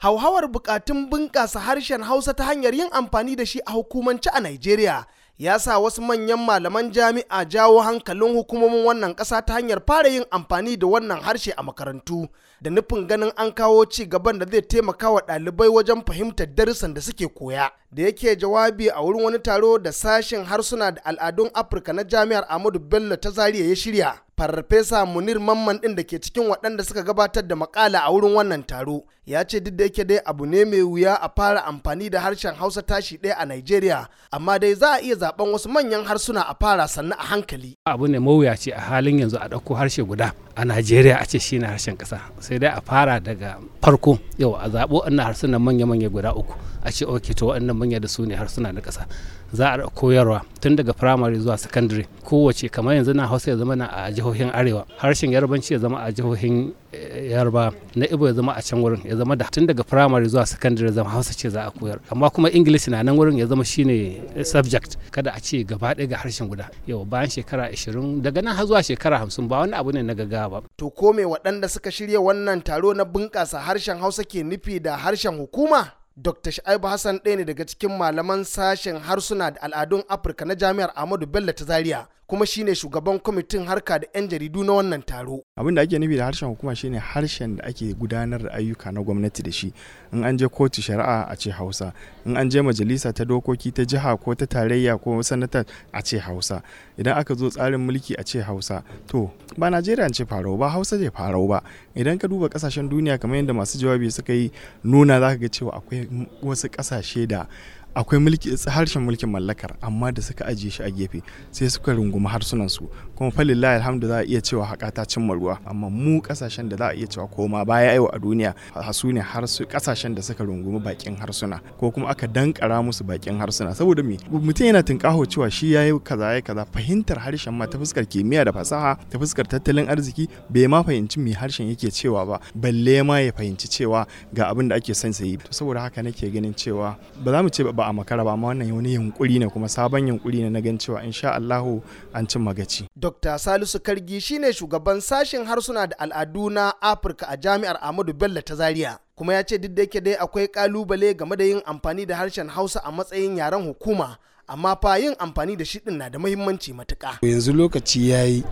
hauhawar bukatun bunƙasa harshen hausa ta hanyar yin amfani da shi a hukumance a Najeriya ya sa wasu manyan malaman jami'a jawo hankalin hukumomin wannan ƙasa ta hanyar fara yin amfani da wannan harshe a makarantu da nufin ganin an kawo ci gaban da zai taimaka wa ɗalibai wajen fahimtar darussan da suke koya da yake jawabi a wurin wani taro da sashen harsuna da al'adun afirka na jami'ar Amadu bello ta Zariya ya shirya farfesa munir mamman ɗin da ke cikin waɗanda suka gabatar da makala a wurin wannan taro ya ce duk da yake dai abu ne mai wuya a fara amfani da harshen hausa tashi ɗaya a nigeria amma dai za a iya zaben wasu manyan harsuna a fara sannan a hankali abu ne mawuyaci a halin yanzu a ɗauko harshe guda a nigeria a ce shine harshen ƙasa sai dai a fara daga farko yau a zaɓo wannan harsunan manya-manya guda uku a ce ok to wannan manya da su ne harsuna na ƙasa za a koyarwa tun daga firamare zuwa sakandare kowace kamar yanzu na hausa ya zama na a jihar jihohin arewa harshen yarbanci ya zama a jihohin eh, yarba na ibo ya zama a can wurin ya zama da tun daga primary zuwa secondary zama hausa ce za a koyar amma kuma english na nan wurin ya zama shine eh, subject kada a ce gaba ɗaya ga harshen guda yau bayan shekara 20 daga nan har zuwa shekara 50 ba wani abu ne na gaggawa ba to ko me waɗanda suka shirya wannan taro na bunƙasa harshen hausa ke nufi da harshen hukuma Dr. Shaibu Hassan ɗaya ne daga cikin malaman sashen harsuna da al'adun Afirka na Jami'ar Ahmadu Bello ta Zaria kuma shine shugaban kwamitin harka da 'yan jaridu na wannan taro. Abin da ake nufi da harshen hukuma shine harshen da ake gudanar da ayyuka na gwamnati da shi. In an je kotu shari'a a ce Hausa, in an je majalisa ta dokoki ta jiha ko ta tarayya ko sanata a ce Hausa. Idan aka zo tsarin mulki a ce Hausa. To, ba Najeriya ce farau ba, Hausa ce farau ba. Idan ka duba kasashen duniya kamar yadda masu jawabi suka yi nuna zaka ga cewa akwai wasu kasashe da akwai mulki harshen mulkin mallakar amma da suka ajiye shi a gefe sai suka rungumi harsunan su kuma Lillahi alhamdu za a iya cewa haƙa ta cimma ruwa amma mu kasashen da za a iya cewa koma baya yau a duniya hasu ne kasashen da suka rungumi bakin harsuna ko kuma aka dankara musu bakin harsuna saboda me mutum yana tunƙaho cewa shi yayi kaza yayi kaza fahimtar harshen ma ta fuskar kimiyya da fasaha ta fuskar tattalin arziki bai ma fahimci me harshen yake cewa ba balle ma ya fahimci cewa ga abin da ake son sayi saboda haka nake ganin cewa ba za mu ce ba ba a makara ba amma wannan wani yunkuri ne kuma sabon yunkuri ne na gan cewa insha Allahu an cin magaci. Dr. Salisu Kargi shine shugaban sashen harsuna da al'adu na Afirka a Jami'ar Ahmadu Bello ta Zaria. Kuma ya ce duk da yake dai akwai kalubale game da yin amfani da harshen Hausa a matsayin yaren hukuma amma fa yin amfani da shi din na da muhimmanci matuka. Yanzu lokaci ya yi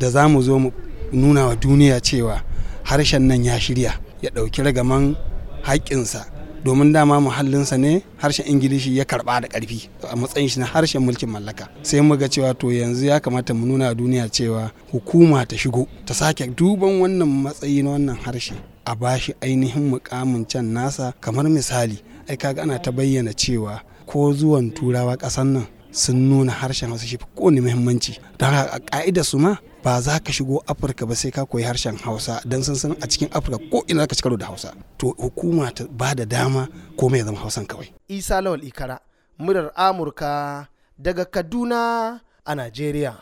da za mu zo mu nuna wa duniya cewa harshen nan ya shirya ya ɗauki ragaman haƙƙinsa domin dama muhallinsa ne harshen ingilishi ya karba da karfi a matsayin shi na harshen mulkin mallaka sai muga cewa to yanzu ya kamata mu nuna duniya cewa hukuma ta shigo ta sake duban wannan matsayi na wannan harshe a bashi ainihin mukamin can nasa kamar misali ai kaga ana ta bayyana cewa ko zuwan turawa kasan nan sun nuna harshen hausa shi kowane muhimmanci don haka a ka'idar su ma ba za ka shigo afirka ba sai ka koyi harshen hausa don sun san a cikin afirka ko ina ka karo da hausa to hukuma ta ba da dama komai ya zama hausan kawai isa lawal ikara murar amurka daga kaduna a najeriya